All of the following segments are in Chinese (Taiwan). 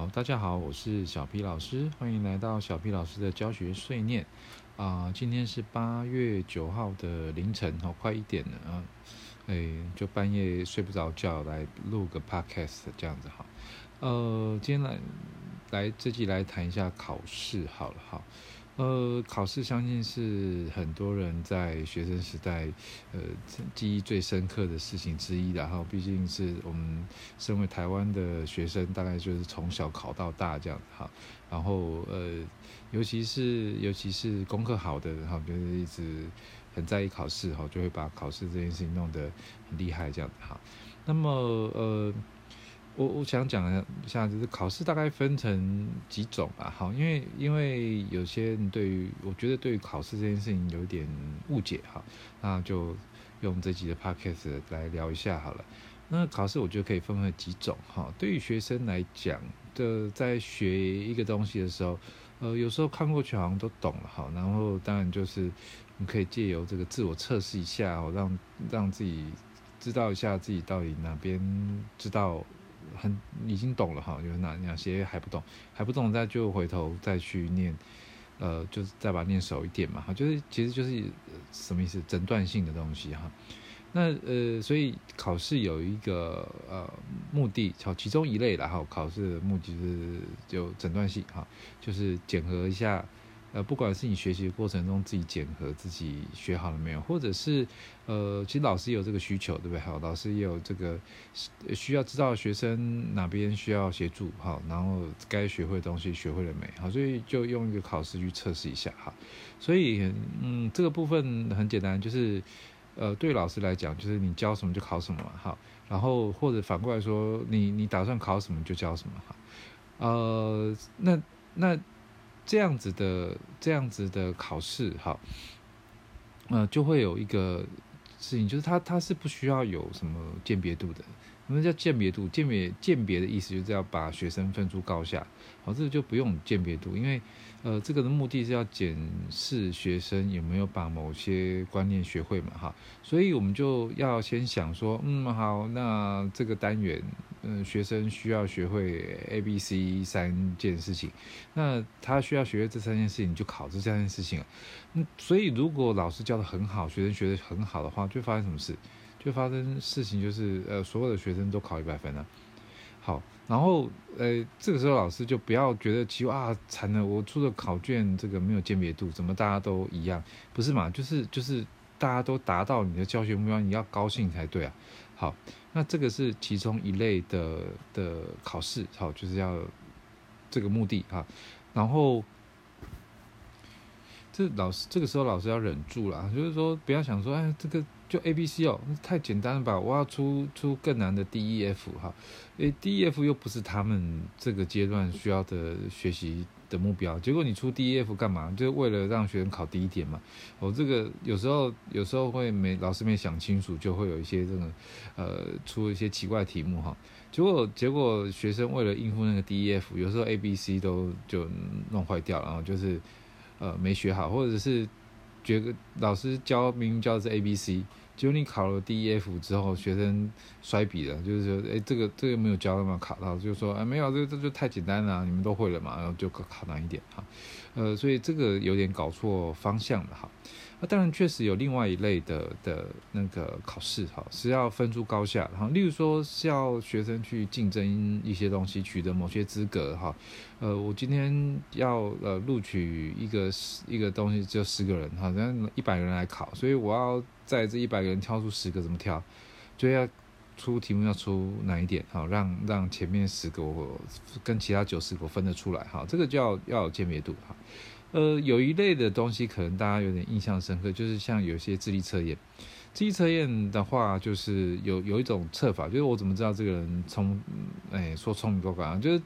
好，大家好，我是小 P 老師，歡迎來到小 P 老師的教學碎念啊、呃。今天是八月九號的凌晨，好、哦、快一點了啊，哎、呃，就半夜睡不着覺來錄個 podcast 這樣子哈、哦。呃，今天來來自己來談一下考試好了，好。呃，考試相信是很多人在學生時代，呃，記憶最深刻的事情之一。然後，畢竟是我們身為台灣的學生，大概就是從小考到大這樣哈。然後，呃，尤其是尤其是功課好的，哈，就是一直很在意考試哈，就會把考試這件事情弄得很厲害這樣哈。那麼，呃。我我想講一下，就是考試大概分成幾種吧。好，因為因為有些對於我覺得對於考試這件事情有點誤解哈，那就用這集的 podcast 來聊一下好了。那考試我覺得可以分為幾種哈。對於學生來講，就在學一個東西的時候，呃，有時候看過去好像都懂了哈。然後當然就是你可以借由這個自我測試一下，讓讓自己知道一下自己到底哪邊知道。很已經懂了哈，有、就是、哪哪些還不懂，還不懂再就回頭再去念，呃，就是再把它念熟一點嘛哈，就是其實就是、呃、什麼意思，診斷性的東西哈，那呃，所以考試有一個呃目的，考其中一類啦哈，考試的目的、就是就診斷性哈，就是檢核一下。呃，不管是你學習的過程中自己檢核自己學好了沒有，或者是呃，其實老師也有這個需求，對不對？好，老師也有這個需要知道的學生哪邊需要協助。好，然後該學會的東西學會了沒？好，所以就用一個考試去測試一下哈。所以嗯，這個部分很簡單，就是呃，對老師來講，就是你教什麼就考什麼嘛。好，然後或者反過來說，你你打算考什麼就教什麼哈。呃，那那。這樣子的這樣子的考試，哈，嗯、呃，就會有一個事情，就是它它是不需要有什麼鑑別度的。什麼叫鑑別度？鑑別鑑別的意思就是要把學生分出高下，好，這個就不用鑑別度，因為呃，這個的目的是要檢視學生有沒有把某些觀念學會嘛，哈，所以我們就要先想說，嗯，好，那這個單元。嗯，學生需要學會 A、B、C 三件事情，那他需要學會這三件事情就考這三件事情。嗯，所以如果老師教得很好，學生學得很好的話，就發生什麼事？就發生事情就是，呃，所有的學生都考一百分了。好，然後呃，這個時候老師就不要覺得奇啊，慘了，我出的考卷這個沒有鑑別度，怎麼大家都一樣？不是嘛？就是就是大家都達到你的教學目標，你要高興才對啊。好，那這個是其中一類的的考試，好，就是要這個目的啊。然後，這老師這個時候老師要忍住了，就是說不要想說，哎，這個就 A、B、C 哦，太簡單了吧？我要出出更難的 D、E、F 哈。誒，D、E、F 又不是他們這個階段需要的學習。的目標，結果你出 DEF 幹嘛？就是為了讓學生考低一點嘛，我、喔、這個有時候有時候會沒老師沒想清楚，就會有一些這種呃出一些奇怪的題目哈。結果結果學生為了應付那個 DEF，有時候 ABC 都就弄壞掉，然後就是呃沒學好，或者是覺得老師教明明教的是 ABC。就你考了 DEF 之後，學生摔筆了，就是說，哎，這個這個沒有教嘛考到。就說，哎，沒有，這這就太簡單了啊，你們都會了嘛，然後就考難一點哈，呃，所以這個有點搞錯方向了哈。那當然，確實有另外一類的的那個考試哈，是要分出高下。例如說是要學生去競爭一些東西，取得某些資格哈。呃，我今天要呃錄取一個一個東西，只有十個人，好，讓一百個人來考，所以我要在這一百個人挑出十個，怎麼挑？就要出題目，要出哪一點好，讓讓前面十個我跟其他九十個我分得出來哈，這個叫要，要有鑑別度哈。呃，有一類的東西可能大家有點印象深刻，就是像有一些智力測驗。智力測驗的話，就是有有一種測法，就是我怎麼知道這個人聰，誒、欸、說聰明多寡，就是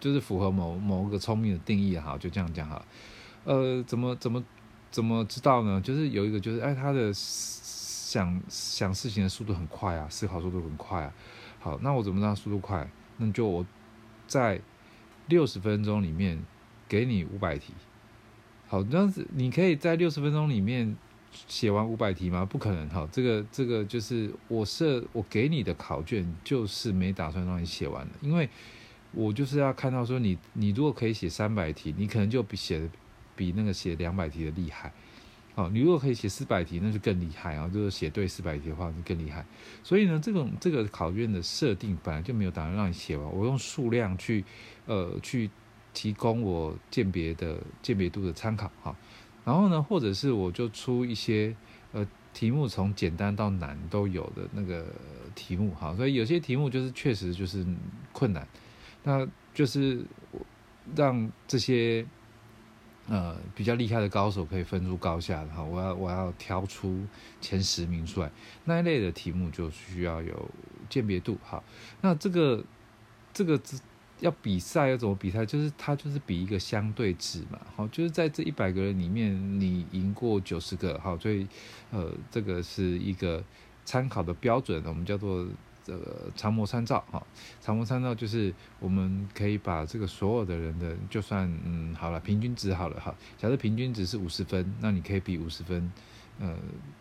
就是符合某某個聰明的定義哈，就這樣講哈。呃，怎麼怎麼怎麼知道呢？就是有一個就是哎，他的想想事情的速度很快啊，思考速度很快啊。好，那我怎麼知道速度快？那就我在六十分鐘裡面給你五百題。好，這樣子你可以在六十分鐘裡面寫完五百題嗎？不可能，哈，這個這個就是我設我給你的考卷就是沒打算讓你寫完的，因為我就是要看到說你你如果可以寫三百題，你可能就比寫的比那個寫兩百題的厲害。好，你如果可以寫四百題，那就更厲害啊，就是寫對四百題的話你更厲害。所以呢，這種這個考卷的設定本來就沒有打算讓你寫完，我用數量去呃去。提供我鑑別的鑑別度的參考哈，然後呢，或者是我就出一些呃題目，從簡單到難都有的那個題目哈，所以有些題目就是確實就是困難，那就是我讓這些呃比較厲害的高手可以分出高下的哈，我要我要挑出前十名出來，那一類的題目就需要有鑑別度哈，那這個這個要比賽要怎麼比賽？就是他就是比一個相對值嘛，好，就是在這一百個人裡面，你贏過九十個，好，所以呃，這個是一個參考的標準，我們叫做這個常模參照啊。常模參照就是我們可以把這個所有的人的，就算嗯好了，平均值，好了哈，假設平均值是五十分，那你可以比五十分呃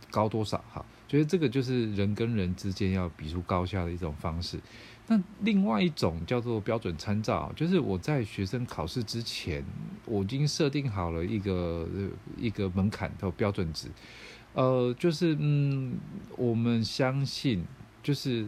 高多少？好，所以這個就是人跟人之間要比出高下的一種方式。那另外一種叫做標準參照，就是我在學生考試之前，我已經設定好了一個一個門檻的標準值，呃，就是嗯，我們相信，就是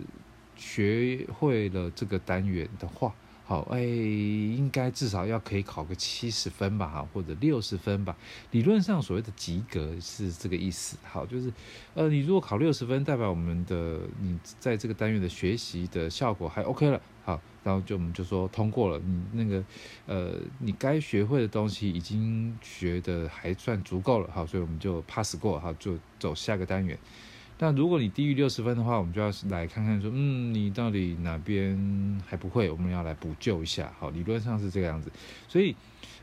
學會了這個單元的話。好，哎、欸，應該至少要可以考個七十分吧，哈，或者六十分吧。理論上所謂的及格是這個意思。好，就是，呃，你如果考六十分，代表我們的你在這個單元的學習的效果還 OK 了，好，然後就我們就說通過了，你那個，呃，你該學會的東西已經學得還算足夠了，好，所以我們就 pass 過，好，就走下個單元。那如果你低於六十分的話，我們就要來看看說，嗯，你到底哪邊還不會？我們要來補救一下。好，理論上是這個樣子。所以，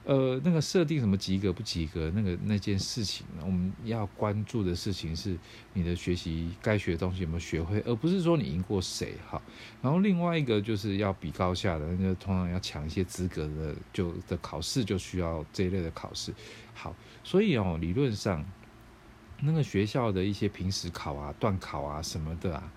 呃，那個設定什麼及格不及格，那個那件事情，我們要關注的事情是你的學習該學的東西有沒有學會，而不是說你贏過誰。好，然後另外一個就是要比高下的，那個通常要搶一些資格的，就的考試就需要這一類的考試。好，所以哦，理論上。那個學校的一些平時考啊、段考啊什麼的啊，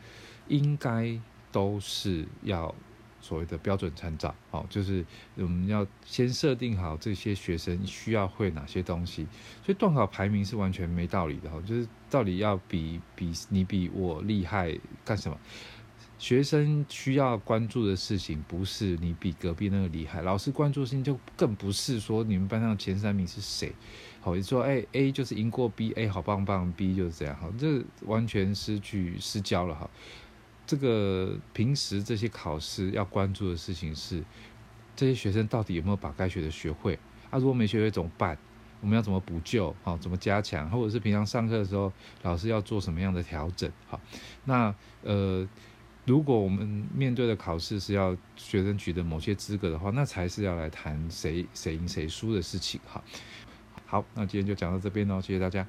應該都是要所謂的標準參照哦，就是我們要先設定好這些學生需要會哪些東西，所以段考排名是完全沒道理的哦，就是到底要比比你比我厲害幹什麼？學生需要關注的事情不是你比隔壁那個厲害，老師關注的事情就更不是說你們班上前三名是誰。好，你說，哎，A 就是贏過 B，A 好棒棒，B 就是這樣，好，這完全失去失焦了，哈。這個平時這些考試要關注的事情是，這些學生到底有沒有把該學的學會？啊，如果沒學會怎麼辦？我們要怎麼補救？好，怎麼加強？或者是平常上課的時候，老師要做什麼樣的調整？哈，那呃，如果我們面對的考試是要學生取得某些資格的話，那才是要來談誰誰贏誰輸的事情，哈。好，那今天就講到這邊嘍，謝謝大家。